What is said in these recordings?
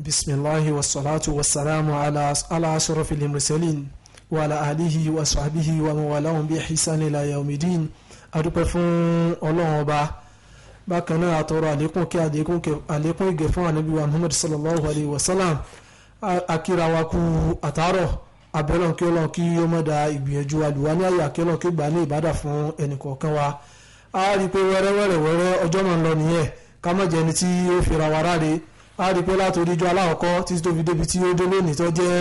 بسم الله والصلاة والسلام على على أشرف المرسلين وعلى آله وصحبه وموالاهم بإحسان إلى يوم الدين adúpẹ́ fún ọlọ́run ọba bákan náà àtọrọ àlékún kí àlékún ìgè fún ànábì wa muhammad sallallahu alayhi wa sallam akíra wa kú àtàárọ̀ abẹ́lọ́n kí ọlọ́run kí ó mọ̀dá ìgbìyànjú àlùwá ní àyà kí ọlọ́run kí gbà ní ìbádà fún ẹnìkọ̀ọ̀kan wa a rí i pé wẹ́rẹ́wẹ́rẹ́ wẹ́rẹ́ ọjọ́ mọ̀ ń lọ nìyẹn ká má jẹ́ ẹni tí ó fira wa ráre a rí i pé látòrí ijó aláwọ̀kọ́ títí tó fi débi tí ó dé lónìí tó jẹ́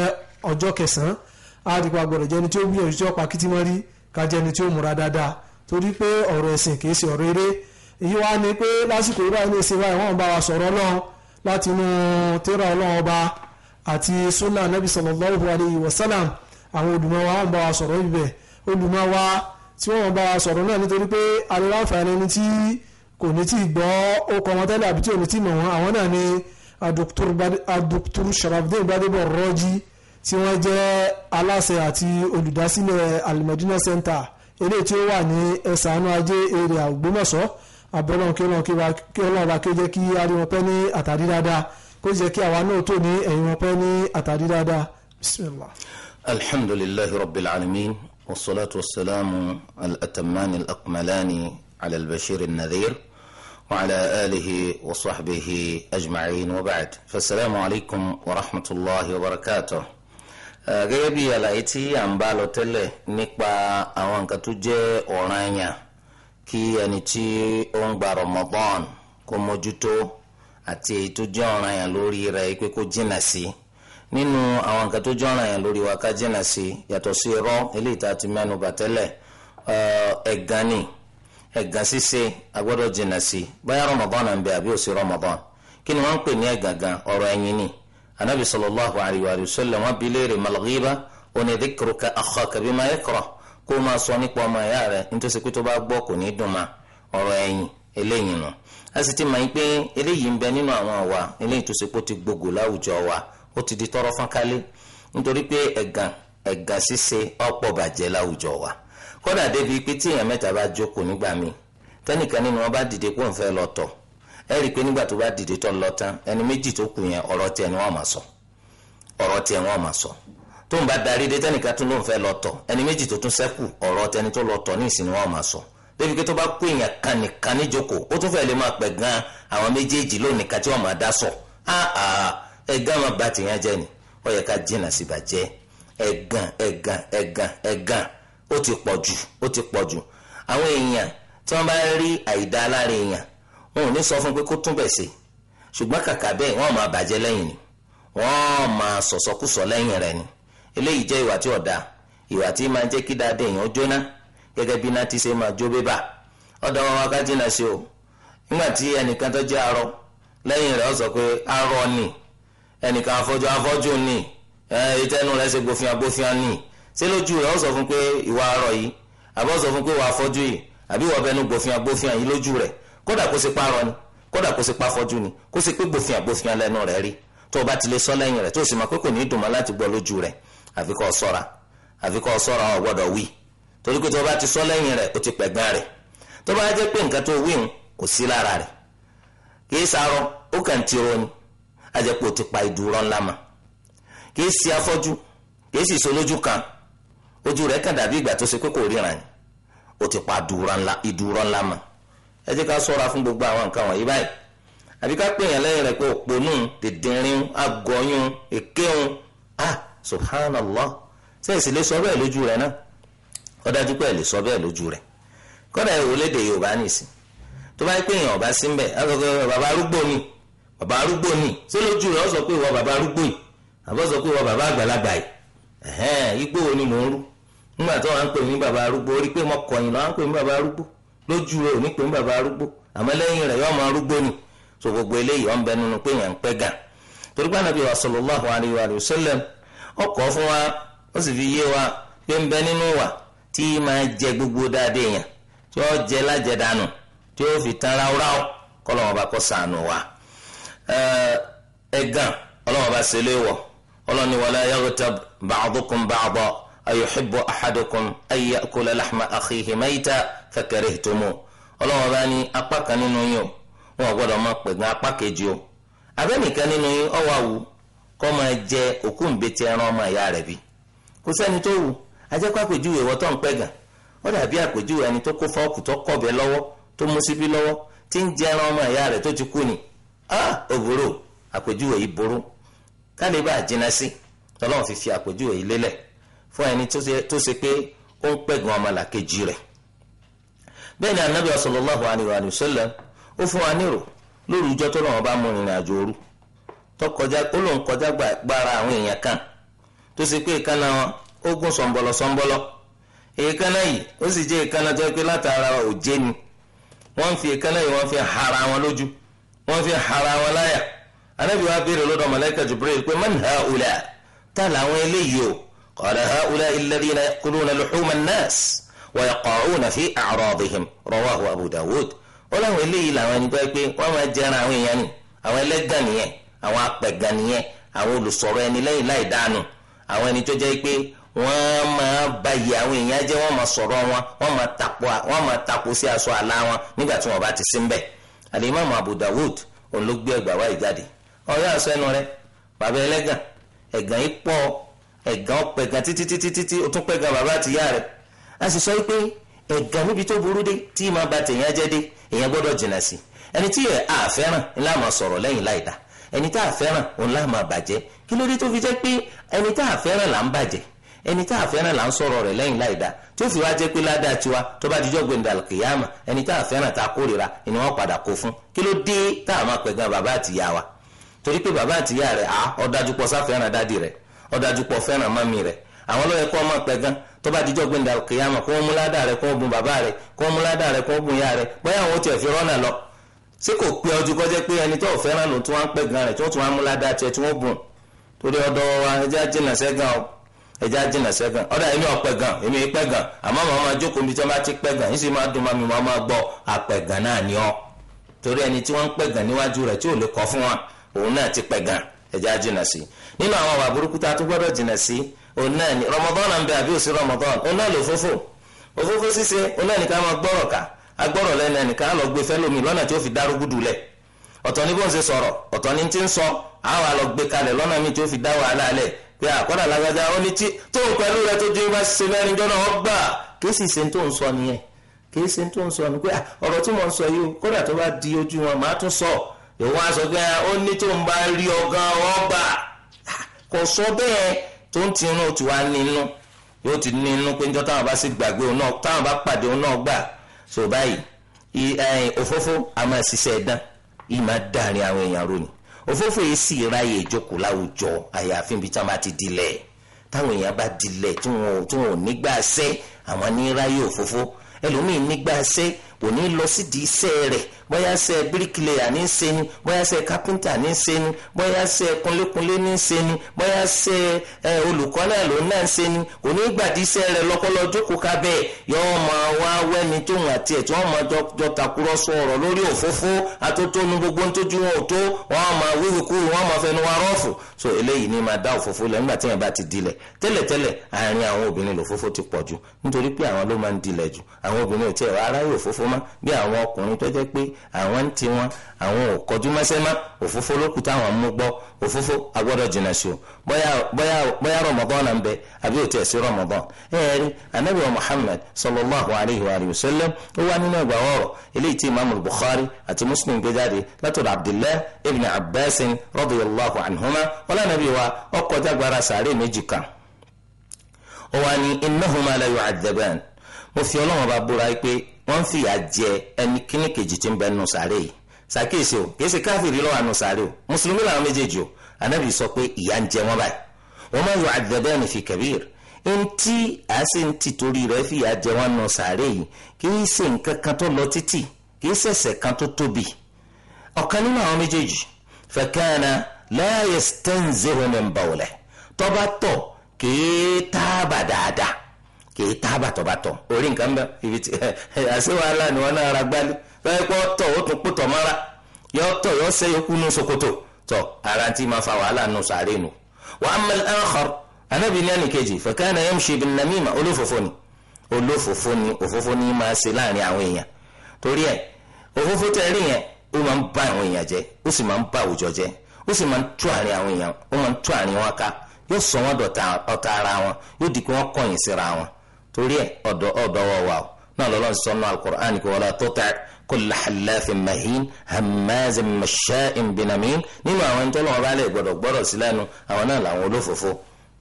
ọjọ́ kẹsàn-án a rí i pé agbọ̀dọ̀ jẹ́ ẹni tí ó gbìyànjú tí ó pa kìtì mọ́rí ká jẹ́ tí ó múra dáadáa torí pé ọ̀rọ̀ ẹ̀sìn kì ṣe ọ̀rọ̀ eré èyí wá ni pé lásìkò ìbá ilé ìsìn báyìí wọ́n bá wa sọ̀rọ̀ ọlọ́run láti inú tẹ́rà ọlọ́run ọba àti sunna nabi sallallahu alayhi wa sallam àwọn wa wọ́n wa sọ̀rọ̀ ibẹ̀ wa tí wọ́n wa sọ̀rọ̀ náà nítorí pé àríwá àǹfààní ẹni tí kò ní tí gbọ́ ó kọ́ wọn tẹ́lẹ̀ àbí tí ò ní tí mọ̀ wọn àwọn náà ni adoktor sharafdin gbadebo rọjí tí wọ́n jẹ́ aláṣẹ àti olùdásílẹ̀ alimẹ̀dínà center eléyìí tí ó wà ní ẹ̀sánú ajé èrè Ògbómọ̀ṣọ́ abọ́lọ́n kí ọlọ́run kí ó jẹ́ ní àtàrí dáadáa kó jẹ́ kí àwa náà tó ní ẹ̀yìn wọn pẹ́ ní àtàrí dáadáa bismillah. alhamdulillahi rabbil alamin wassalatu wassalamu al-atamani al-akmalani ala al-bashir an-nadhir. al atamani al akmalani al bashir an nadhir al وعلى آله وصحبه أجمعين وبعد فالسلام عليكم ورحمة الله وبركاته gẹ́gẹ́ bí àlàyé tí à ń bá lọ tẹ́lẹ̀ nípa àwọn nǹkan tó jẹ́ ọ̀ranyàn kí ẹni tí ó ń gba Ramadan kó mójútó àti èyí tó jẹ́ ọ̀ranyàn lórí rẹ̀ pé kó jìnà sí nínú àwọn nǹkan tó jẹ́ ẹ̀gàn ṣíṣe agbọ́dọ̀ jìnnà sí bóyá Ramadan náà ń bẹ àbí òsì Ramadan kí ni wọ́n ń pè ní ẹ̀gàn gan ọ̀rọ̀ ẹ̀yìn ni anabi sallallahu alayhi wa sallam wọ́n bi léèrè malghiba oní dhikruka akhaka bima yakrah kó o máa sọ nípa ọmọ ẹ̀yà rẹ̀ nítorí pé tó bá gbọ́ kò ní dùn ma ọ̀rọ̀ ẹ̀yìn eléyìí nù a sì ti mọ̀ pé eléyìí ń bẹ nínú àwọn àwa eléyìí tó ṣe pé ó ti gbogbo láwùjọ wa ó ti di tọrọ fọ́nkálé nítorí pé ẹ̀gàn ẹ̀gàn ṣíṣe ọ̀pọ̀ bàjẹ́ láwùjọ wa kódà débi pé tí èèyàn mẹ́ta bá jókòó nígbà míì tẹ́nìkan nínú wọn bá dìde kó n fẹ́ lọ tọ̀ ẹ rí i pé nígbà tó bá dìde tọ̀ lọ tán ẹni méjì tó kù yẹn ọ̀rọ̀ tiẹ̀ ni wọ́n máa sọ ọ̀rọ̀ tiẹ̀ wọ́n máa sọ tó ń bá darí dé tẹ́nìkan tó ló ń fẹ́ lọ tọ̀ ẹni méjì tó tún ṣẹ́kù ọ̀rọ̀ tẹni tó lọ tọ̀ ní ìsìn ni wọ́n máa sọ débi pé tó bá kó èèyàn kan nìkan níjókòó ó tún fẹ́ lè máa pẹ̀ gan àwọn méjèèjì lónìí kan tí wọ́n máa dá sọ ẹ̀gán máa ba tìyàn jẹ́ ni ó yẹ ká jìnnà síbàjẹ́ ẹ̀gán ẹ̀gán ẹ̀gán ẹ̀gán ó ti pọ̀ jù ó ti pọ̀ jù àwọn èèyàn tí wọ́n bá rí àìdá lára èèyàn wọn ò ní sọ fún pé kó tún bẹ̀ ṣe ṣùgbọ́n kàkà bẹ́ẹ̀ wọ́n máa bàjẹ́ lẹ́yìn ni wọ́n máa sọ̀sọ́kùsọ lẹ́yìn rẹ̀ ni eléyìí jẹ́ ìwà tí ò dáa ìwà tí máa jẹ́ kí dáadé èèyàn jóná gẹ́gẹ́ bí iná ti ṣe máa jó bébà ọ̀dọ̀ wọn ká jìnnà sí o nígbà tí ẹnìkan tó jẹ́ arọ lẹ́yìn rẹ̀ ó sọ pé arọ ni ẹnìkan afọ́jú afọ́jú ni ẹ̀ ẹ́ tẹ́nu rẹ̀ ṣe gbófin agbófin ni ṣé lójú rẹ̀ ó sọ fún pé ìwà arọ yìí àbí ó sọ fún pé ìwà afọ́jú yìí àbí ìwà ọbẹ̀ nu gbòfin agbófin yìí lójú rẹ̀ kódà kó ṣe parọ́ ni kódà kó ṣe pafọ́jú ni kó ṣe pé gbòfin agbófin lẹ́nu rẹ̀ rí tó o bá ti lè sọ lẹ́yìn rẹ̀ tó o sì mọ̀ pé kò ní dùnmọ́ láti gbọ́ lójú rẹ̀ àfi kó ṣọ́ra àfi kó ṣọ́ra ọ̀ gbọ́dọ̀ wí torí pé tó o bá ti sọ lẹ́yìn rẹ̀ o ti pẹ̀gbọ́n rẹ̀ tó bá jẹ́ pé nǹkan tó wí hùn kò sí lára rẹ̀ kì í sarọ ó kàn ti ro ni àjẹpọ̀ ti pa ìdúró ńlá mọ́ kì í sí afọ́jú kì í sì solójú kan ojú rẹ̀ kàn dàbí ìgbà tó ṣe pé kò ríran ni ó ti pa ìdúró ńlá mọ́ ẹ jẹ́ ká ṣọ́ra fún gbogbo àwọn nǹkan wọ̀nyí báyìí àbí ká pè yàn lẹ́yìn rẹ̀ pé òpònú dìndínrín agọ́yún èkéhun ah subhanallah ṣé èsì lè sọ bẹ́ẹ̀ lójú rẹ̀ náà ó dájú pé ẹ̀ lè sọ bẹ́ẹ̀ lójú rẹ̀ kọ́dà ẹ̀ olédè yorùbá nìsín tó bá yẹ pé èèyàn ọba sí ń bẹ̀ á bàbá arúgbó ni bàbá arúgbó ni ṣé lójú rẹ̀ ó sọ pé ìwọ bàbá arúgbó yìí àbọ̀ sọ pé ìwọ bàbá àgbàlagbà yìí ẹ̀hẹ́n igbó wo ni mò ń rú nígbà a wà ń pè mí bàbá arúgbó orí pé mo kọ̀yìn lọ́wọ́ ń pè mí bàbá arúgbó lójú rẹ̀ ò ní pè mí bàbá arúgbó àmọ́ lẹ́yìn rẹ̀ yọ́ arúgbó ni so gbogbo eléyìí ọ̀n bẹ nínú pé yẹn ń pẹ́ gàn torí pé wa alayhi wa sallam ọkọ̀ fún wa ó sì fi yé wa pé ń bẹ nínú wa tí máa gbogbo dáadé yẹn tí ó jẹ tí ó fi tán ráúráú bá kọ́ sànù wa ẹ̀gàn bá ayuhibbu ahadukum an ya'kula lahma akhihi mayta fakarihtumuhu ọlọ́wọ́n bá ní apá kan nínú yín o wọn gbọ́dọ̀ máa pẹ̀gàn apá kejì o abẹ́nìkan nínú yín ọwọ́ àwù kọ́ máa jẹ òkú ńbẹ́tẹ ẹran ọmọ ìyá rẹ̀ bí kò sẹ́ni tó wù ajẹ́pá àpèjúwe ó dàbí àpèjúwe ẹni tó kó fọ́ọ̀kù tó kọ̀bẹ lọ́wọ́ tó mú síbí lọ́wọ́ tí ń jẹ ẹran ọmọ ìyá rẹ̀ tó ti kú ni ah! fún ẹni tó ṣe pé ó ń pẹ̀gàn ọmọlàkejì rẹ̀ bẹ́ẹ̀ ni anabi sallallahu alayhi wa ó fún wa nírò lórí ìjọ tó lọ́wọ́ bá mú ìrìn àjò òru ó lòun kan tó ṣe pé ìkànnà wọn sọ̀nbọ̀lọ̀ sọ̀nbọ̀lọ̀ yìí ó sì jẹ́ tó yẹ pé ni wọ́n fi yìí wọ́n fi hara wọn lójú wọ́n fi hara wọn láyà anabi wa lọ́dọ̀ mọ̀lẹ́kà قال هؤلاء الذين يأكلون لحوم الناس ويقعون في أعراضهم رواه أبو داود ọlọ́run eléyìí làwọn ẹni gbọ́ pé wọ́n máa jẹran àwọn èèyàn ni àwọn ẹlẹ́gàn nìyẹn àwọn apẹ̀gàn nìyẹn àwọn olùsọ̀rọ̀ ẹni lẹ́yìn láì dànù àwọn ẹni tó jẹ́ pé wọ́n máa ba iye àwọn èèyàn jẹ́ wọ́n máa sọ̀rọ̀ wọn wọ́n máa tako wọ́n máa tako sí aṣọ àlá wọn nígbà tí wọ́n bá ti sí ń bẹ̀. alimami Abu Dawud òun ló gbé ẹgbàá wáyé jáde ọ̀rẹ́ àṣọ ẹnu rẹ bàbá ẹlẹ́gàn ẹ̀gàn yìí pọ̀ ẹ̀gàn ọ̀pẹ̀gàn títí títí títí o tún pẹ̀gàn bàbá àtìyá rẹ̀ a sì sọ pé ẹ̀gàn níbi tó burú dé tí ì máa ba tèèyàn jẹ́ dé èèyàn gbọ́dọ̀ jìnnà sí ẹni tí a fẹ́ràn ńlá máa sọ̀rọ̀ lẹ́yìn láìda ẹni tá a fẹ́ràn ńlá máa bàjẹ́ kí ló dé tó fi jẹ́ pé ẹni tá a fẹ́ràn là ń bàjẹ́ ẹni tá a fẹ́ràn là ń sọ̀rọ̀ rẹ̀ lẹ́yìn láìda tó fi wá jẹ́ pé ládàá tiwa tó bá dijọ́ gbẹ̀ndà kìyàmà ẹni tá a fẹ́ràn tá a kórìíra ni wọ́n padà kó fún kí ló dé tá a máa pẹ̀gàn bàbá àtìyá wa torí pé bàbá àtìyá rẹ̀ á ó dájú pọ̀ sáfẹ́ràn dádì rẹ̀ ọ̀dájú pọ̀ fẹràn mami rẹ àwọn ló yẹ ọmọ pẹ̀ gan tó bá dijọ́ gbẹ̀ndà kìyàmọ̀ kó mú ládàá rẹ̀ kó rẹ bàbá kó mú kó ya rẹ̀ bóyá àwọn ò tiẹ̀ rọ́nà lọ ṣé kò pé ọjọ́ kọjá pé ẹni tó fẹ́ràn ló tún wá ń pẹ̀ gan tó tún wá mú ládàá tiẹ̀ tí wọ́n bùn torí ọ̀dọ̀ wa ẹja jìnà sẹ́gàn o ẹja jìnà sẹ́gàn ọ̀dà èmi àmọ́ màá máa jókòó yìí sì máa dùn mami màá máa gbọ́ náà nínú àwọn àwà burúkú tá a tún gbọ́dọ̀ jìnnà sí òun náà ni rọmọdọ́nà ń bẹ àbí òsì rọmọdọ́nà òun lò fófò òfófó ṣíṣe òun nìkan máa ká ẹnìkan á lọ gbé fẹ́lómi lọ́nà tí ó fi dárúgú ọtọ ní sọ àwọn àlọ́ gbé kalẹ̀ mi tí ó fi dá wàhálà lẹ̀ pé àkọ́dà lágbájá ó ní tí pẹ̀lú rẹ tó dé bá ṣe mẹ́rin jọ́nà gbà ṣe kò sọ bẹ́ẹ̀ tó ń tinú ó ti wá nínú yóò ti nínú pé níjọ́ táwọn bá sì gbàgbé òun náà táwọn bá pàdé òun náà gbà so báyìí òfófó a máa ṣiṣẹ́ ẹ̀dán yìí máa dàrin àwọn èèyàn roni òfófó yìí sì ráyè ìjókòó láwùjọ àyàfi ibi táwọn bá ti dilẹ̀ táwọn èèyàn bá dilẹ̀ tí wọn ò nígbà ṣẹ́ àwọn ní ráyè òfófó ẹlòmíín nígbà ṣẹ́ kò ní lọ sídìí iṣẹ́ rẹ̀ bóyá ṣe bíríkìlẹ̀yà ní í ṣe ni bóyá ṣe kápẹ́ńtà ní í ṣe ni bóyá ṣe kunlékunlé ní í ṣe ni bóyá ṣe olùkọ́ náà lòun náà ṣe ni kò ní gbàdí iṣẹ́ rẹ̀ lọ́kọ́lọ́ jókòó ká bẹ́ẹ̀ yọ ọmọ wa wẹ́ni tóun àti ẹ̀ tí wọ́n máa jọ tàkúrọ̀sọ ọ̀rọ̀ lórí òfófó atótónu gbogbo ń tójú wọn ò tó wọ́n máa wíwí kúrú wọ́n máa fẹnu wa rọ́ọ̀fù so eléyìí ni máa dá òfófó lẹ̀ nígbà tí yẹn bá ti dilẹ̀ tẹ́lẹ̀tẹ́lẹ̀ àárín àwọn obìnrin lòfófó ti pọ̀ jù nítorí pé àwọn ló máa ń dilẹ̀ jù àwọn obìnrin ò tiẹ̀ ráyè òfófó mọ́ bí àwọn ọkùnrin tó jẹ́ pé àwọn ń ti wọn àwọn ò kọjú mọ́sẹ́ mọ́ òfófó lókù táwọn mú gbọ́ òfófó agbọ́dọ̀ jìnnà sí o bóyá rọmọdán náà ń bẹ àbí òtí ẹ̀ sí rọmọdán ẹ̀ẹ́rì anabi wa muhammad sallallahu alayhi wa sallam ó wá nínú ẹgbà ọ̀rọ̀ eléyìí tí imaamu bukhari àti muslim gbé jáde látọ̀dọ̀ abdullah ibn abbas radiyallahu anhuma wala anabi wa ọkọ̀ jágbára sàárè méjì kan ó wá ní innahuma la yu'adhaban mo fi ọlọ́wọ́n bá búra pé wọ́n fìyà jẹ ẹni kíní kejì tí ń bẹ nù sàárè yìí sàkíyèsí o kìí ṣe káfíìrì lọ́wọ́ àánú sàárè o mùsùlùmí làwọn méjèèjì o anábì sọ pé ìyà ń jẹ wọ́n báyìí wọ́n máa ń yọ àdìdẹ́bẹ́ni fi kẹ̀bíìrì ntí àṣẹ ntí torí rẹ̀ fìyà jẹ wọ́n nù sàárè yìí kìí ṣe nǹkan kan tó lọ títì kìí ṣẹ̀ṣẹ̀ kan tó tóbi ọ̀kan nínú àwọn méjèèjì fẹ̀kẹ́ẹ̀nà láyé stẹ́ǹzì homin bawlẹ̀ tọ́ba tọ̀ kìí táàbà dáadáa kìí tá bàtọ̀bàtọ̀ orí nǹkan bẹ́ẹ̀ ibi tí àṣẹ wàhálà ni wọn náà ra gbálí lọ́yẹ́ pé ọ̀tọ̀ ó tún pòtọ̀ mọ́ra yọ ọ̀tọ̀ yọ ṣe yókù nù ṣòkòtò tọ̀ ara ti máa fa wàhálà nù sàárè nù. wa amma al-akhar anábì ní ẹnìkejì fa kana yamshi bin namima olófòfò ni olófòfò ni òfófó ni máa ṣe láàrin àwọn èèyàn torí ẹ òfófó tẹ rí yẹn ó máa ń bá àwọn èèyàn jẹ ó sì máa ń bá àwùjọ jẹ ó sì máa ń tú àárín àwọn èèyàn ó máa ń tú àárín wọn ká yóò sọ wọn dọ̀tá ọ̀tá ara wọn yóò di pé wọ́n kọ̀yìn síra wọn torí ẹ̀ ọ̀dọ̀ ọ̀dọ̀ wọ̀ wà o náà lọ́lọ́ sọ nù alukur'an kò wala tuti' kulla hallafin mahin hammazin masha'in binamin nínú àwọn ẹni tó lọ́wọ́ bá lè gbọ́dọ̀ gbọ́dọ̀ sí lẹ́nu àwọn náà làwọn olófòfò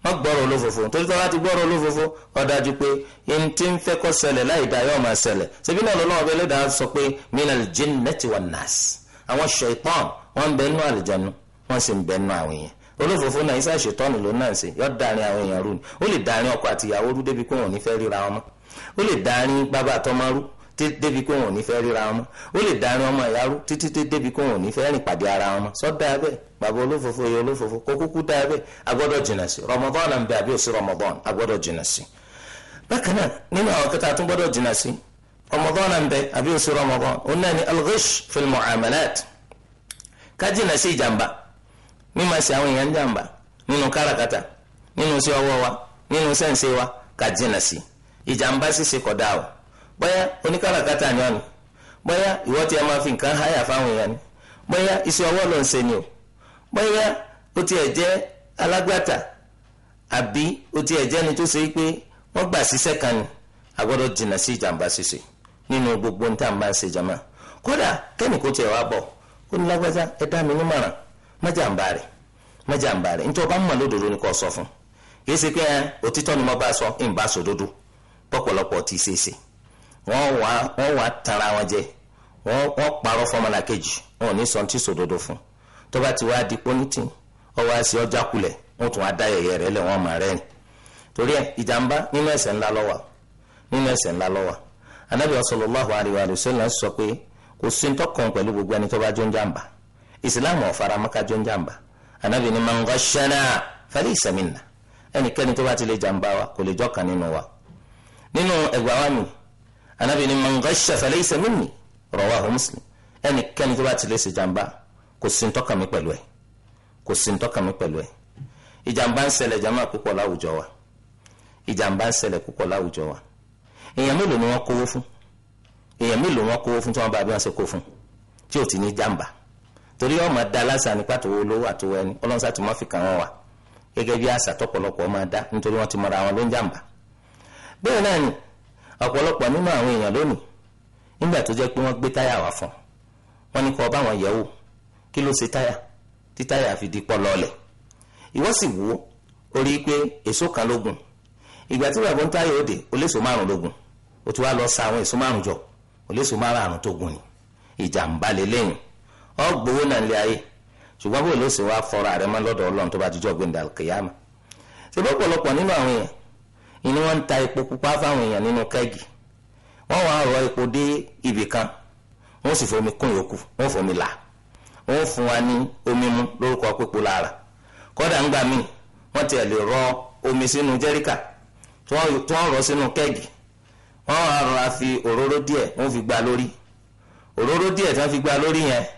wọ́n gbọ́rọ̀ olófòfò torí tí wọ́n ti gbọ́rọ̀ olófòfò ó dájú pé ẹni tí ń fẹ́ kó ṣẹlẹ̀ láì dá yóò máa ṣẹlẹ̀ ṣebí náà lọ́wọ́ bá lẹ́dàá sọ pé minal jinnati wan nas àwọn ṣaitan wọ́n ń bẹ nínú àlùjànnú wọ́n sì ń bẹ nínú àwọn èèyàn olófòfó náà iṣẹ́ ìṣètọ́nù ló náà ṣe yọ darin àwọn èèyàn rú ni ó lè darin ọkọ àti ìyàwó rú débi pé wọn ò ní fẹ́ ríra ọmọ ó lè darin bàbá àtọmọ rú débi pé wọn ò ní fẹ́ ríra ọmọ ó lè darin ọmọ ìyá rú títí débi pé wọn ò ní fẹ́ rìn pàdé ara ọmọ sọ́dà bàbá olófòfó yẹ olófòfó kó kúkú dá jìnà sí àbí òsì mímọ sí àwọn èèyàn jàǹbá nínú nínú sí ọwọ́ wa nínú wa ká sí ìjàǹbá ṣíṣe o bóyá ni bóyá a máa fi nǹkan háyà fáwọn ni bóyá iṣẹ́ ọwọ́ o bóyá ó jẹ́ alágbàtà àbí ó ni tó ṣe pé wọ́n gbà ni a gbọ́dọ̀ jìnà sí ìjàǹbá ṣíṣe nínú gbogbo ní tá à ń ń ṣe jàmá kódà kẹ́nìkó tiẹ̀ wá bọ̀ ó ní ẹ dá májàmbá rẹ̀ májàmbá rẹ̀ nítorí ọba mọ̀ lódodo ni kò sọ fún kì í ṣe pé òtítọ́ ni mo bá sọ ń bá sọ dodo pọ̀pọ̀lọpọ̀ ti ṣe é ṣe wọ́n wá wọ́n wá tara wọn jẹ wọ́n wọ́n parọ́ fọmọlá kejì wọn ò ní sọ ti sọ dodo fún tó bá ti wá di pọ́nítì ọwọ́ àṣẹ ọjà kulẹ̀ wọ́n tún wá dá yẹ̀yẹ́ rẹ̀ lẹ̀ wọ́n máa rẹ́rìn torí ẹ̀ ìjàmbá nínú ẹ̀ṣẹ̀ ńlá ló wà nínú ẹ̀ṣẹ̀ ńlá ló wà anábìyà sallallahu alaihi wa sallam sọ pé kò sí ń pẹ̀lú gbogbo ẹni tó bá jó ń jàǹbá ìsìláàmù ọ̀faramaka jọ ń jàǹbá anabi ni man ghashana falaysa minna ẹnikẹ́ni tó bá ti lè jàǹbá wa kò lè jọ́kan nínú wa nínú ẹgbà wa mi anabi ni man ghasha falaysa minni rawahu muslim ẹnikẹ́ni tó bá ti lè ṣe jàǹbá kò sí ntọ́ka mi pẹ̀lú ẹ̀ kò sí ntọ́ka mi pẹ̀lú ẹ̀ ìjàǹbá ń ṣẹlẹ̀ jàmá púpọ̀ láwùjọ wa ìjàǹbá ń ṣẹlẹ̀ púpọ̀ láwùjọ wa èèyàn mélòó ni wọ́n kówó fún èèyàn mélòó wọ́n kówó fún tí wọ́n bá bí wọ́n ṣe kó fún tí ò ti ní jàǹbá torí ọmọ da lásà nípa tó wo lówó àtòwò ẹni ọlọ́nsá tó má fi kàn wọ́n wà gẹ́gẹ́ bí àṣà tọ́pọ̀lọpọ̀ máa dá nítorí wọ́n ti mọra wọn ló ń jàǹbá. bẹ́ẹ̀ náà ni ọ̀pọ̀lọpọ̀ nínú àwọn èèyàn lónìí nígbà tó jẹ́ pé wọ́n gbé táyà wá fún wọn ní kó bá wọn yẹ̀ wò kí ló ṣe táyà tí táyà fi di pọ́ lọ́ọ̀lẹ̀ ìwọ́ sì wò ó rí i pé èso kan lógun ìgbà tí bàbá ń táyà òde oléso márùn lógun ọ gbowó na lé ayé ṣùgbọ́n bụ ló sì wá fọra rẹ mọ́ tó bá jíjọ́ gbẹ̀ndà kìyàmà ṣe bọ́ nínú àwọn èèyàn ìní wọn ń ta epo pupa fáwọn èèyàn nínú rọ epo dé ibì kan sì fomi kún yòókù fomi là fún wa ní rọ omi sínú jẹ́ríkà tí wọ́n rọ sínú kẹ́gì wọ́n rọra fi òróró díẹ̀ wọ́n fi lórí òróró díẹ̀ tí wọ́n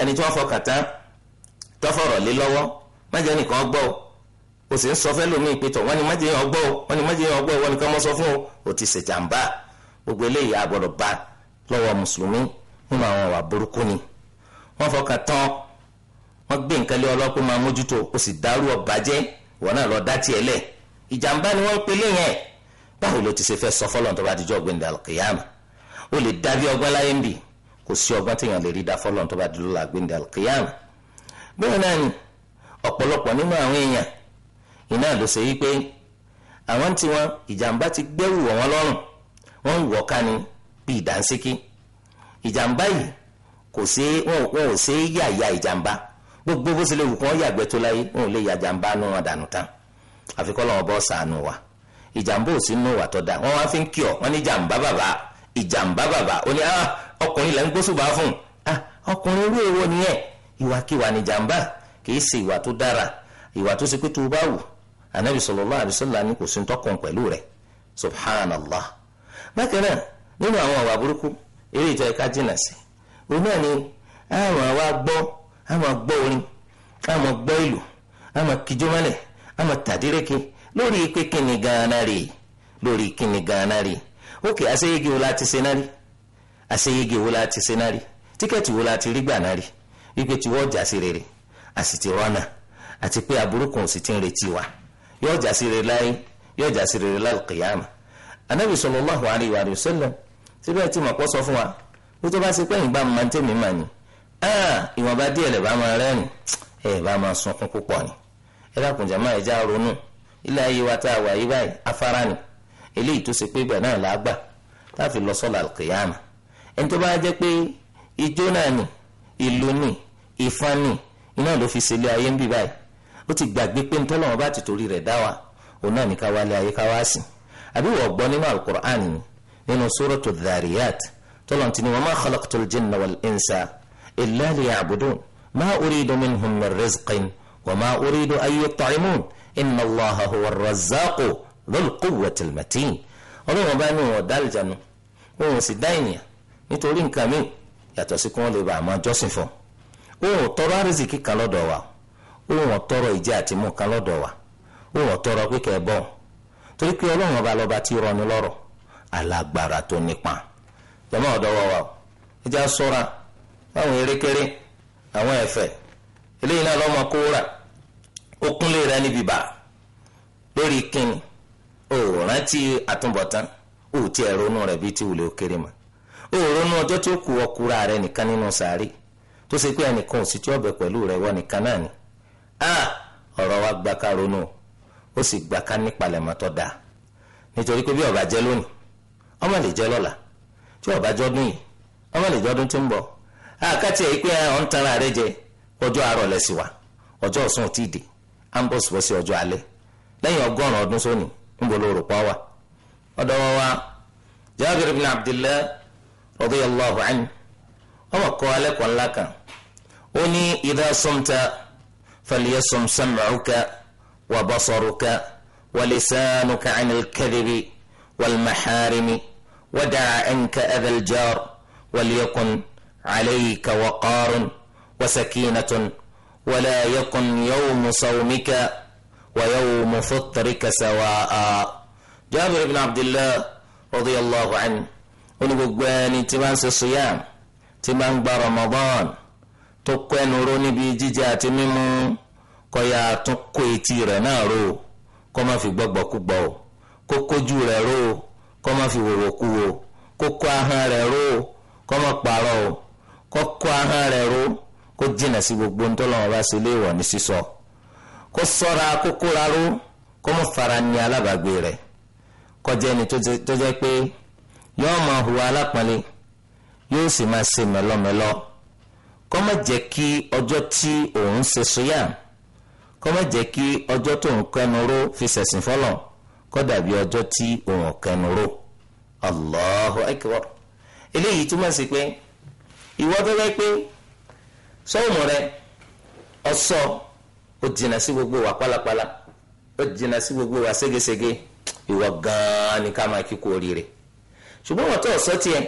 ẹni tí wọ́n fọkàn tán tọ́fọ̀rọ̀ lé lọ́wọ́ májẹ̀ nìkan gbọ́ o o sì ń sọ fẹ́ lómi ìpẹ́tọ̀ wọ́n ni májẹ̀ yẹn ọgbọ́ o wọ́n ni májẹ̀ yẹn ọgbọ́ o wọ́n nìkan mọ́ sọ fún o o ti ṣèjàmbá gbogbo eléyìí àgbọ̀dọ̀ bá lọ́wọ́ mùsùlùmí nínú àwọn ọ̀wà burúkú ni wọ́n fọkàn tán wọ́n gbé nǹkan lé ọlọ́pẹ́ máa mójútó o sì dárú ọ̀bàjẹ́ wọn náà lọ dá tiẹ̀ lẹ̀ ìjàmbá ni wọ́n pe léyìn báwo ló ti ṣe fẹ́ sọ fọ́lọ́n tó bá dijọ́ gbẹ̀ndàlùkìyàmù o kò sí ọgbọ́n téèyàn lè rí dá fọ́lọ́n tó bá di lọ́la gbẹ̀ndẹ̀ alqiyam bẹ́ẹ̀ náà ni ọ̀pọ̀lọpọ̀ nínú àwọn èèyàn iná ló ṣe wípé àwọn tí wọn ìjàmbá ti gbẹ́rù wọ̀ wọ́n lọ́rùn wọ́n ń wọ̀ ká ni bí ìdánsíkí ìjàmbá yìí kò ṣe wọn ò ṣe é yàyà ìjàmbá gbogbo bó ṣe lè wù kí wọ́n yàgbẹ́ tó láyé wọn ò lè yà jàmbá nù wọn dànù tán àfikọ́ lọ́wọ́ bọ́ sànù wa ìjàmbá ò sí nù wà tó dáa wọ́n wá fi ń kí ọ wọ́n ní jàmbá bàbá ìjàmbá bàbá ó ní ah ọkùnrin là ń gbóṣùbà fún ah, ọkùnrin irú èwo nìyẹn ìwàkiwà ní jàǹbá kì ṣe ìwà tó dára ìwà tó ṣe pé tó bá wù anabi sallallahu alaihi ni kò sí tọkàn subhanallah bákan náà nínú àwọn àwà burúkú eré ìtọ́ ẹ̀ka jìnnà sí òun náà ni àwọn àwa gbọ́ àwọn gbọ́ orin àwọn gbọ́ ìlú àwọn kìjọ́mọ́lẹ̀ àwọn tàdírẹ́kì lórí pé kíni gan-an lórí àṣeyege wo la ti ṣe náà rí tíkẹ́ẹ̀tì wo la ti rí gbà náà rí wípé tí wọ́n jà sí rere a sì ti rọ́nà àti pé aburú kan sì ti ń retí wa yóò jà sí rere láyé yóò jà sí rere lálùkìyàmà anabi sallallahu alayhi wa sallam síbẹ̀ tí mo kọ́ sọ fún wa bí tó bá ṣe pé ìgbà máa ń tẹ̀mí mà ní ìwọ̀nba díẹ̀ lè bá máa rẹ́rìn ẹ̀ bá máa sunkún púpọ̀ ni ẹ dákun jàmá ẹ já ronú ilé ayé wa tá a wà yí báyìí afárá ni eléyìí tó ṣe pé ibẹ̀ náà làá gbà láti lọ sọ́la àlùkìyàmà ẹni tó bá jẹ́ pé ijó náà nì ìlú nì ìfọn nì iná ló fi ṣẹlẹ̀ ayé ń bì báyìí ó ti gbàgbé pé ntọ́lọ́wọ́n bá ti torí rẹ̀ dá wa òun náà ní ká wálé ayé ká wá sí àbí wọ́n gbọ́ nínú alukur'an nínú suratu dhariyat tọ́lọ́n ti ní wa ma khalaqtul jinna wal insa illa liya'budun ma uridu minhum min rizqin wa ma uridu an yut'imun inna allaha huwa ar-razzaqu dhul quwwati al-matin ọlọ́wọ́n bá ní wọn dá àlùjánu wọn sì dá ènìyàn nítorí nǹkan míì yàtọ̀ sí kí wọ́n lè ba àmọ́ jọ́sìn fún òun tọrọ àrísìkí kan lọ́dọ̀ wa òun tọrọ ìjẹ àtìmú kan lọ́dọ̀ wa òun tọrọ pípẹ́ bọ́ torí pé ọlọ́run ọba lọ́ba tí rọni lọ́rọ̀ alágbára tó nípa jọmọ ọdọwọ wa ìjà ṣọ́ra báwọn erékeré àwọn ẹ̀fẹ̀ eléyìí náà lọ́mọ kó rà ó rẹ níbi bá lórí kíni ò àtúbọ̀tán ò tí ẹ̀ ronú bíi ti wùlé ó kéré mọ́ o ronú ọjọ́ tí ó kù ọkùnra rẹ nìkan nínú sàárì tó ṣe pé ẹnìkan ò sí tí ọbẹ̀ pẹ̀lú rẹ wọ nìkan náà ni ọ̀rọ̀ wa gba ká ronú ó sì gba ká nípalẹ̀mọ́ tó dáa nítorí pé bí ọba jẹ́ lónìí ọmọ lè jẹ́ lọ́la tí ọba jọ́dún yìí ọmọ lè jọ́dún tó ń bọ̀ jẹ ọjọ́ à ń bọ̀ ọjọ́ alẹ́ lẹ́yìn رضي الله عنه وقوى لك ولك اني إذا صمت فليصم سمعك وبصرك ولسانك عن الكذب والمحارم ودع عنك أذى الجار وليكن عليك وقار وسكينة ولا يكن يوم صومك ويوم فطرك سواء جابر بن عبد الله رضي الله عنه ó ní gbogbo ẹni tí bá ń ṣe suyam tí bá ń gba Ramadan tó kó ẹnu ró níbi jíjẹ àti mímu kó yà tún kó etí rẹ̀ náà ró kó má fi gbọ́gbọ́ kú gbọ́ o kó kójú rẹ̀ ró o kó má fi wòwò kú o kó kó ahọ́n rẹ̀ ró o kó má parọ́ o kó kó ahọ́n rẹ̀ ró kó jìnà sí gbogbo ń tọ́lọ́wọ́n bá ṣe léèwọ̀ ní sísọ kó sọ́ra kó kóra ró kó má fara ní alábàgbé rẹ̀ kó ẹni tó jẹ́ pé. yóò máa hùwà alápọ̀nlé yóò sì máa ṣe mẹ́lọ́mẹ́lọ́ kó má kí ọjọ tí òun ṣe sóyà kó má jẹ́ kí ọjọ tó ń kẹnuró fi ṣẹ̀sìn fọlọ kọ dàbí ọjọ tí òun kẹnuró Allahu akbar eléyìí túmọ̀ sí pé ìwọ tó pé sọ́wọ́mù rẹ ọsọ ó jìnnà sí gbogbo wa pálapàla ó jìnnà gbogbo wa ségesège ìwọ gan-an ni ká ṣùgbọ́n wọn tó ọ̀sọ́ tiẹ̀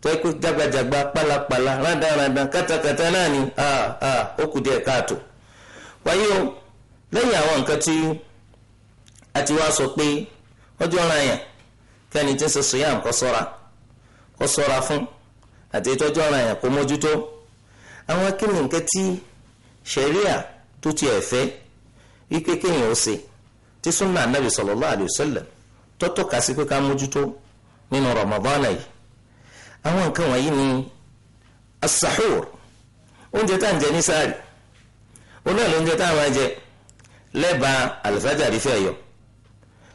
tó ẹ pé jágbajàgba pálapàla rádaràdan kátàkátà náà ni ó kù díẹ̀ káàtó wáyé o lẹ́yìn àwọn nǹkan tí a ti wá sọ pé ọjọ́ ara yàn kẹ́ni tí ń sọ sọ́yà kó sọ́ra kó sọ́ra fún àti ara kó ti ẹ̀fẹ́ wípé kéèyàn ó ṣe tí súnà anábì nínú Ramadan yìí àwọn nǹkan wọ̀nyí ni asahur oúnjẹ tá à ń jẹ ní sáàrì onáà ló ń jẹ tá a máa jẹ lẹ́bàá àlùfájàrí fẹ́ yọ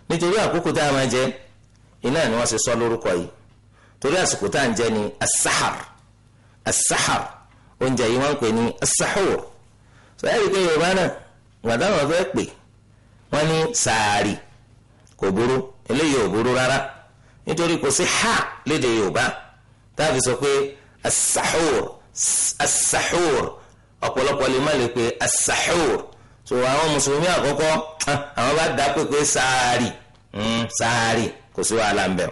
nítorí àkókò tá a máa jẹ iná ni wọ́n ṣe sọ lórúkọ yìí torí àsìkò tá à ń jẹ ní asahar asahar oúnjẹ yìí wọ́n ń pè ní asahur sọ́yà pé yorùbá náà gbàdáwọ̀ fẹ́ pè wọ́n ní sáàrì kò burú eléyìí ò burú rárá nítorí kò sí ha léde yorùbá táàbì sọ pé asahur asahur ọ̀pọ̀lọpọ̀ lè má lè pe asahur so àwọn mùsùlùmí àkọ́kọ́ àwọn bá dá pé pé sáárì hmm, sáárì kò sí wàhálà ń bẹ̀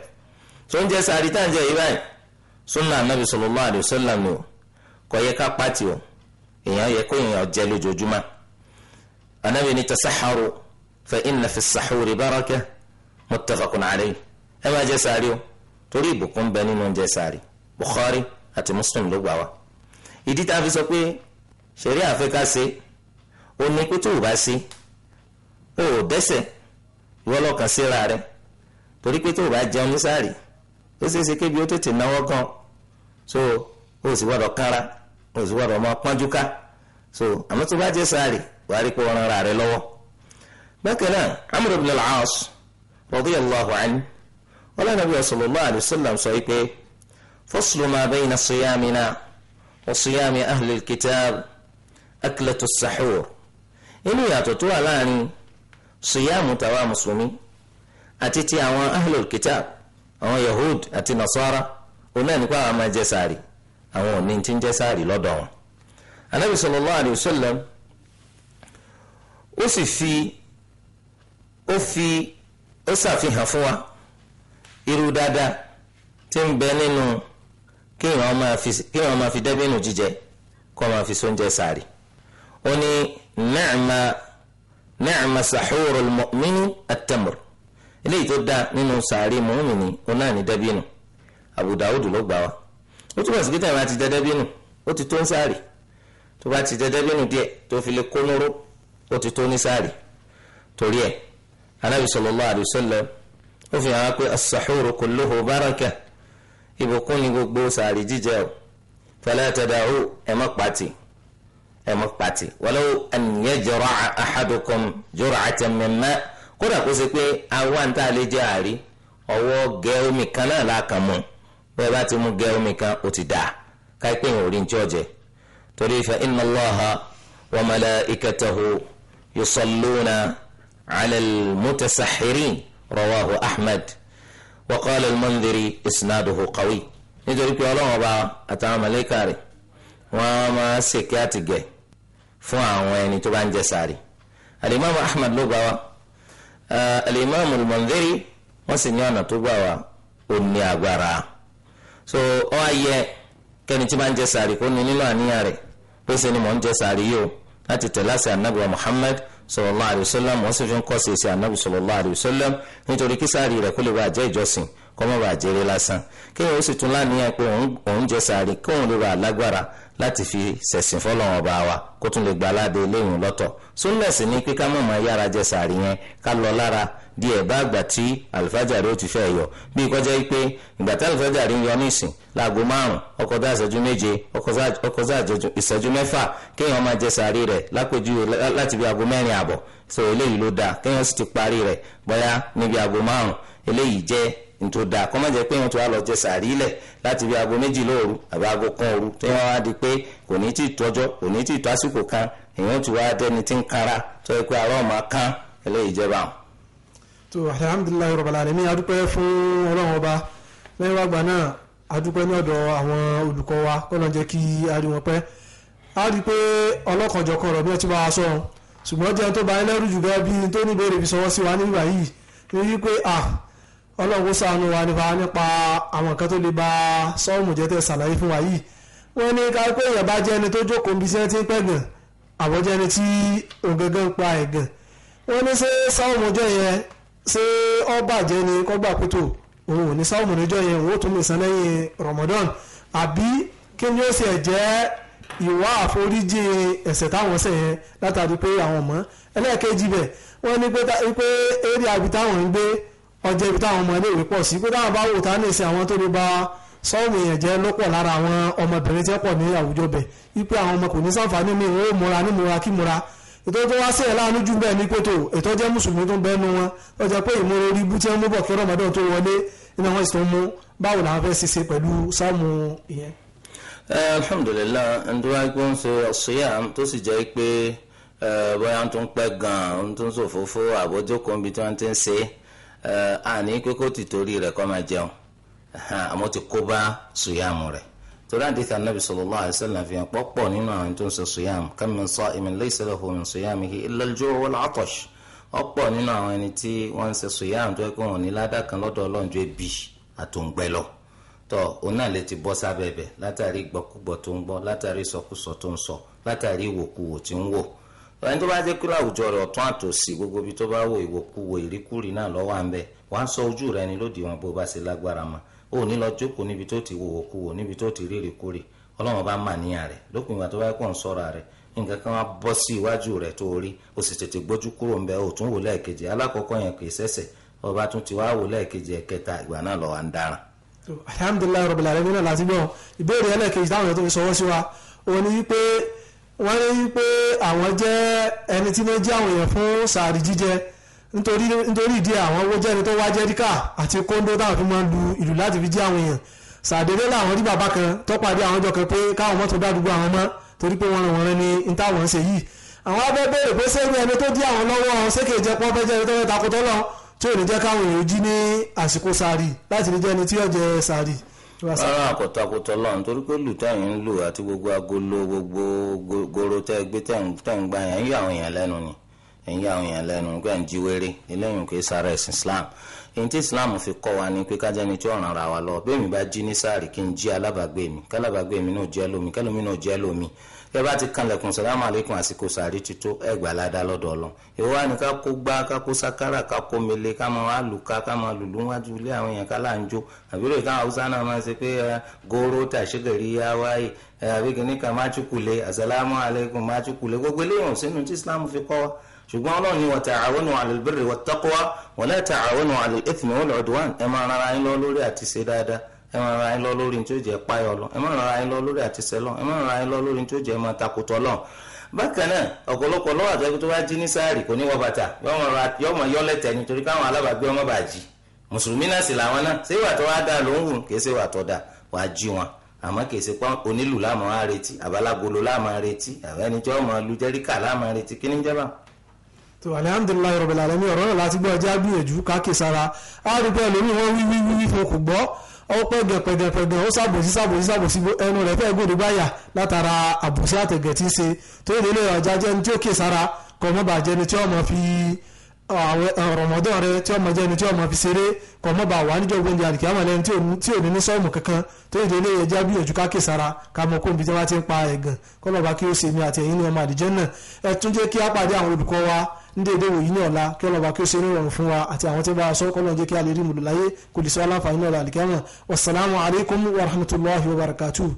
so ń jẹ sáárì tá à ń jẹ yìí báyìí sunna anabi sallallahu alaihi wasallam o kò yẹ ká pàtì o èèyàn yẹ kó èèyàn jẹ lójoojúmọ́ anabi ni tasaharu fa inna fi sahuri baraka muttafaqun alayhi ẹ máa jẹ sàárì o torí ìbùkún ń bẹ nínú oúnjẹ sàárì Bukhari àti Muslim ló gbà wá ìdí tá a fi sọ pé ṣẹ̀rí àfẹ́ká ṣe ó ní pé tó o bá ṣe o ò dẹ́sẹ̀ ìwọ lọ́kàn síra rẹ torí pé tó o bá jẹun ní sàárì ó ṣeé ṣe kébi ó tètè náwó gan so o sì gbọ́dọ̀ kára o sì gbọ́dọ̀ máa pọ́njú so àmọ́ tó bá jẹ sàárì wàá rí pé wọ́n ran ara rẹ lọ́wọ́ bákan náà Amr ibn al-As radiyallahu anhu ọlọ́nàbí sallallahu alayhi wa sallam sọ pé faslu ma bayna siyamina wa siyami ahli al-kitab aklatu as-sahur inú ìyàtọ̀ tó wà láàrin siyamu tàwa mùsùlùmí àti ti àwọn ahli al-kitab àwọn yahud àti nasara òun náà nípa àwọn máa àwọn ò ní ń jẹ lọ́dọ̀ wọn anabi sallallahu alayhi ó sì fi ó fi ó ṣàfihàn fún wa irú dáadáa tí ń bẹ nínú kí èèyàn máa fi dẹ́bìnú jíjẹ kó máa fi sóúnjẹ sàárì ó ní ni'ma ni'ma sahuru al-mu'mini at-tamr eléyìí tó dáa nínú sàárì mọ́mìnì ó náà ní dẹ́bìnú Abu Dawud ló gbà wá ó túbọ̀ sí kíta ìwà ti jẹ dẹ́bìnú ó ti tó ń sàárì tó bá ti jẹ dẹ́bìnú díẹ̀ tó fi lè kó nóró ó ti tó ní sàárì torí ẹ̀ anábì sallallahu ó fi hàn pé as-sahuru kulluhu barakah ìbùkún ni gbogbo sàárì jíjẹ o fala tada'u ẹ má pàtì ẹ má pàtì walau an yajra'a ahadukum jur'atan min ma' kódà kó ṣe pé awa ń tà lè jẹ àárí ọwọ́ gẹ omi kan náà lákàn mọ́ bẹ́ẹ̀ bá ti mú gẹ kan ó ti dà káìpé yẹn ò rí njọ́ jẹ torí fa inna Allaha wa malaikatahu yusalluna ala al-mutasahhirin rawahu ahmed wa qala al-Mundhiri isnaduhu qawi nítorí pé ọlọ́run ọba àtàwọn màláíkà rẹ̀ wọ́n máa ṣèké àtìgẹ̀ fún àwọn ẹni tó bá ń jẹ sààrì alimami ahmed ló gbà wá alimami al wọ́n sì ní ọ̀nà tó gbà wá ó agbára so ọ ayẹ kẹ́ni tí bá ń jẹ sààrì kó ní nínú àníyàn rẹ̀ pèsè ni mò ń jẹ sààrì yìí o láti tẹ̀lé àṣẹ anabi wa sallallahu alayhi wa sallam wọ́n sì fi ń kọ́ sí èsì ànábì sallallahu alayhi wa sallam nítorí kí sáàrì rẹ̀ kó lè bá jẹ́ ìjọsìn kó má bàa jẹ́rẹ́ lásán kéèyàn ó sì tún láníyàn pé òun jẹ sáàrì kí òun lè bá lágbára láti fi ṣẹ̀sìn fọlọ́wọn ọba wa kó tún lè gba aládé eléyìn lọ́tọ̀ súnlẹ̀ sí ni pé ká mọ̀ máa yára jẹ sáàrì yẹn ká lọ lára díẹ̀ bá àgbà tí àlùfájàre ó ti fẹ́ yọ bí kọjá pé ìgbà tí àlùfájàre ń yọ nísìn láago márùn ọkọjá ìṣẹ́jú méje ọkọjá ìṣẹ́jú mẹ́fà kéèyàn máa jẹ sàárì rẹ̀ láti bí aago mẹ́rin àbọ̀ so eléyìí ló dáa kéèyàn sì ti parí rẹ̀ bóyá níbi aago márùn eléyìí jẹ́ ntò dáa kọ́ má jẹ́ pé wọ́n ti wá lọ jẹ sàárì lẹ̀ láti bí aago méjì lóru àbí aago kan òru tí wọ́n wá di pé kò ní tí kò ní tí àsìkò kan èèyàn alhamdulilayi adúpẹ́ fún ọlọ́run ọba lẹ́yìn wàgbà adúpẹ́ ní ọ̀dọ̀ àwọn olùkọ́ wa kọ́nà jẹ́ kí a rí wọn pẹ́ a rí i pé ọlọ́kanjọ̀kan ọ̀rọ̀ bí wọ́n ti bá a sọ ọ́n ṣùgbọ́n jẹun tó ba ẹ lẹ́rù jù bẹ́ẹ̀ bí tó ní ìbéèrè fi sọwọ́ sí wa nígbà yìí ni wípé à ọlọ́run ṣàánú wa nípa nípa àwọn nǹkan tó lè ba sọ́ọ̀mù jẹ́ tẹ̀ ṣàlàyé fún wa yìí wọ́n ní ká pé èèyàn bá jẹ́ ẹni tó jókòó níbi iṣẹ́ tí ń pẹ̀gàn àbọ̀jẹ́ ẹni tí ògẹ́gẹ́ ń pa ẹ̀gàn wọ́n ní ṣé sọ́ọ̀mù jẹ́ yẹn ṣé ó bàjẹ́ ni kọ́gbà kótó òun ò ní sáwùmù níjọ́ yẹn òun ó tún lè san lẹ́yìn Ramadan àbí kí ni ó sì ẹ̀ jẹ́ ìwà àforíjì ẹ̀ṣẹ̀ táwọn ṣẹ̀ yẹn látàrí pé àwọn ọmọ ẹlẹ́ẹ̀kejì bẹ̀ wọ́n ní pé eré àbí táwọn ń gbé ọjọ́ ibi táwọn ọmọ iléèwé pọ̀ sí pé táwọn bá wò tá ní ìsìn àwọn tó lè ba sọ́ọ̀mù èèyàn jẹ́ lọ́pọ̀ lára àwọn ọmọbìnrin tí ní àwùjọ bẹ̀ wípé àwọn ọmọ kò ní ṣàǹfààní ètò tó wá sí ẹ̀ láàánú jù bẹ́ẹ̀ ní pẹ̀tọ́ ètò jẹ́ mùsùlùmí tó ń bẹ́ẹ̀ nu wọn ó jẹ́ pé ìmúra orí ibú tí wọ́n mú bọ̀ kí rọmọdún tó wọlé iná wọn sì tó mú báwo làwọn fẹ́ ṣiṣẹ́ pẹ̀lú sáàmù ìyẹn. alhamdulillah ndúrà pé ń ṣe ọ̀ṣùyà tó sì jẹ́ pé bóyá tó ń pẹ́ gan-an tó ń ṣòfófó àbójókòó ibi tí wọ́n ti ń ṣe àní pé kó ti torí rẹ̀ kọ́ máa jẹun àmọ́ ti kó bá ṣùyàmù rẹ̀ torí àdìsí anabi sallallahu alaihi wasallam fi hàn pọ́pọ̀ nínú àwọn tó ń sọ siyam kam min sa'imin laysa lahu min siyamihi illa al-ju' wal-'atash ọ̀pọ̀ nínú àwọn ẹni tí wọ́n ń ṣe siyam tó yẹ kó wọn ní ládàá kan lọ́dọ̀ ebi àtòǹgbẹ lọ tọ lè ti bọ́ sábẹ́ látàrí gbọ́kúgbọ́ tó ń gbọ́ látàrí sọkúsọ tó ń sọ látàrí ìwòkuwò tí ń wò ẹni tó bá jẹ́ pé láwùjọ rẹ̀ ọ̀tún àtòsí gbogbo ibi tó bá wò ìwòkuwò ìríkúrì náà lọ́wọ́ à ń bẹ̀ wàá sọ ojú rẹ ni lóde wọn bó bá ṣe lágbára mọ́ ò ní lọ jókòó níbi tó ti wòwò kú wò níbi tó ti rírì kórè ọlọ́run bá mà níyà rẹ̀ lópin ìgbà tó bá kàn sọ́ra rẹ̀ nǹkan kan wá bọ́ sí iwájú rẹ̀ tó rí o sì tètè gbójú kúrò ń bẹ ò tún wò lẹ́ẹ̀kejì alákọ̀ọ́kọ́ yẹn kì í ṣẹ̀ṣẹ̀ ọba tún ti wá wò lẹ́ẹ̀kejì ẹ̀kẹta ìgbà náà lọ́wọ́ ń dáràn. alhamdulilayi rabbil alamin náà láti gbọ́ ìbéèrè ẹlẹ́ẹ̀kejì táwọn èèyàn tó fi sọwọ́ sí wa òun ni wípé wọ́n ní wípé àwọn jẹ́ ẹni tí wọ́n jẹ́ àwọn èèyàn fún sàárì jíjẹ nítorí nítorí ìdí àwọn owó jẹ́ni tó wá jẹ́ríkà àti kóńdó táwọn fi máa ń lu ìlú láti fi jí àwọn èèyàn sàdédé làwọn rí bàbá kan tó pàdé àwọn ọjọ́ kan pé káwọn mọ́tò dádúgbò àwọn mọ́ torí pé wọ́n ràn wọ́n rán ní ní táwọn ń ṣe yìí àwọn abẹ́ bèrè pé ṣé ní ẹni tó dí àwọn lọ́wọ́ ọ̀hún ṣé kìí jẹ́ pọ́n fẹ́ jẹ́ ẹni tó fẹ́ takotọ́ lọ tí ò ní jẹ́ káwọn èèyàn rárá àkọ́takọ́tọ́ lọ́run torí pé lù tẹ̀yìn ń lù àti gbogbo agolo gbogbo goro tẹ́ gbé tẹ̀ gbà yẹn ń yà àwọn èèyàn lẹ́nu ni ẹ̀yìn àwọn èèyàn lẹ́nu pé ń jí wéré eléyìí kò sára ẹ̀sìn Islam èyí tí Islam fi kọ́ wa ni pé kájá ni tí ọ̀ràn ra wa lọ bẹ́ẹ̀ mi bá jí ní sáàrì kí n jí alábàgbé mi kálábàgbé mi náà jẹ́ lómi kẹ́lómi náà jẹ́ lómi ẹ bá ti kanlẹ̀kùn sàlámù aleykum àsìkò sàárì ti tó ẹgbàá ládàá lọ́dọ̀ ọlọ́ ìwọ wa ni ká kó gbá ká kó sakara ká kó mele ká máa wá lùka ká máa lùlù wájú ilé àwọn èèyàn ká là ń jó àbúrò ìka haúsá náà máa ṣe pé eh, góró tàṣígẹ̀rì yá wáyé eh, àbí kìnnìkan má chukule àsàlámù aleykum má chukule gbogbo eléyìí ò sínú tí Islam fi kọ́ wa ṣùgbọ́n ọlọ́run ni wa ta'awanu 'ala al-birri wat-taqwa wa la ta'awanu 'ala al-ithmi wal-'udwan ẹ máa rara yín lọ lórí àti ṣe dáadáa ẹ máa rara yín lọ lórí tí ó jẹ́ páyọ̀ lọ ẹ máa rara yín lọ lórí àti ṣẹlọ ẹ máa rara yín lọ lórí tí ó jẹ́ máa takùtọ̀ lọ bákan náà ọ̀pọ̀lọpọ̀ lọ́wọ́ àtẹ́kù tó bá jí ní sáàrì kò ní wọ bàtà yọmọ yọlẹ̀tẹ̀ nítorí káwọn alábàágbé ọmọ ṣe ìwà onílù láàmú àrètí àbálágolo láàmú àrètí àbẹ́ni tí wọ́n láàmú àrètí kí ní jẹ́ báwọn tó alihamudulilayi rọ̀bìlà àlẹ́ mi ọ̀rọ̀ náà láti gbọ́ ọjà gbìyànjú káàkiri sára á rí pé ẹlòmíì wọ́n fún kò gbọ́ ó pẹ́ ó sàbòsí sàbòsí sàbòsí ẹnu rẹ̀ fẹ́ gbòdò báyà látara àbòsí àtẹ̀gẹ̀ tí ń tó yẹ lélẹ̀ ọjà jẹ́ ní tí ó kè sára kọ́ mọ́ tí ó mọ̀ fi rọ̀mọ́dọ́ rẹ tí ó mọ̀ jẹ́ tí ó mọ̀ fi ṣeré kọ́ wà níjọ́ gbòǹdì àdìkíyàmọ̀ tí ò ní ní sọ́ọ̀mù kankan tó yẹ lélẹ̀ ẹja gbìyànjú ká kè sára nbí tí ti ń pa ẹ̀gàn kọ́lọ́ba kí ó ṣe mi àti ẹ̀yin ní ọmọ àdìjẹ́ náà ẹ kí á pàdé àwọn olùkọ́ wa ní déédéé wòyí ní ọ̀la kí ọlọ́ba kí ó ṣe nírọ̀rùn fún wa àti àwọn tí wọ́n bá aṣọ kọ́ lọ́njẹ́ kí a lè rí mùlù kò lè sọ aláǹfààní náà lálẹ́ kẹ́mọ̀ wasalaamu alaykum wa rahmatulahi wa barakatuh.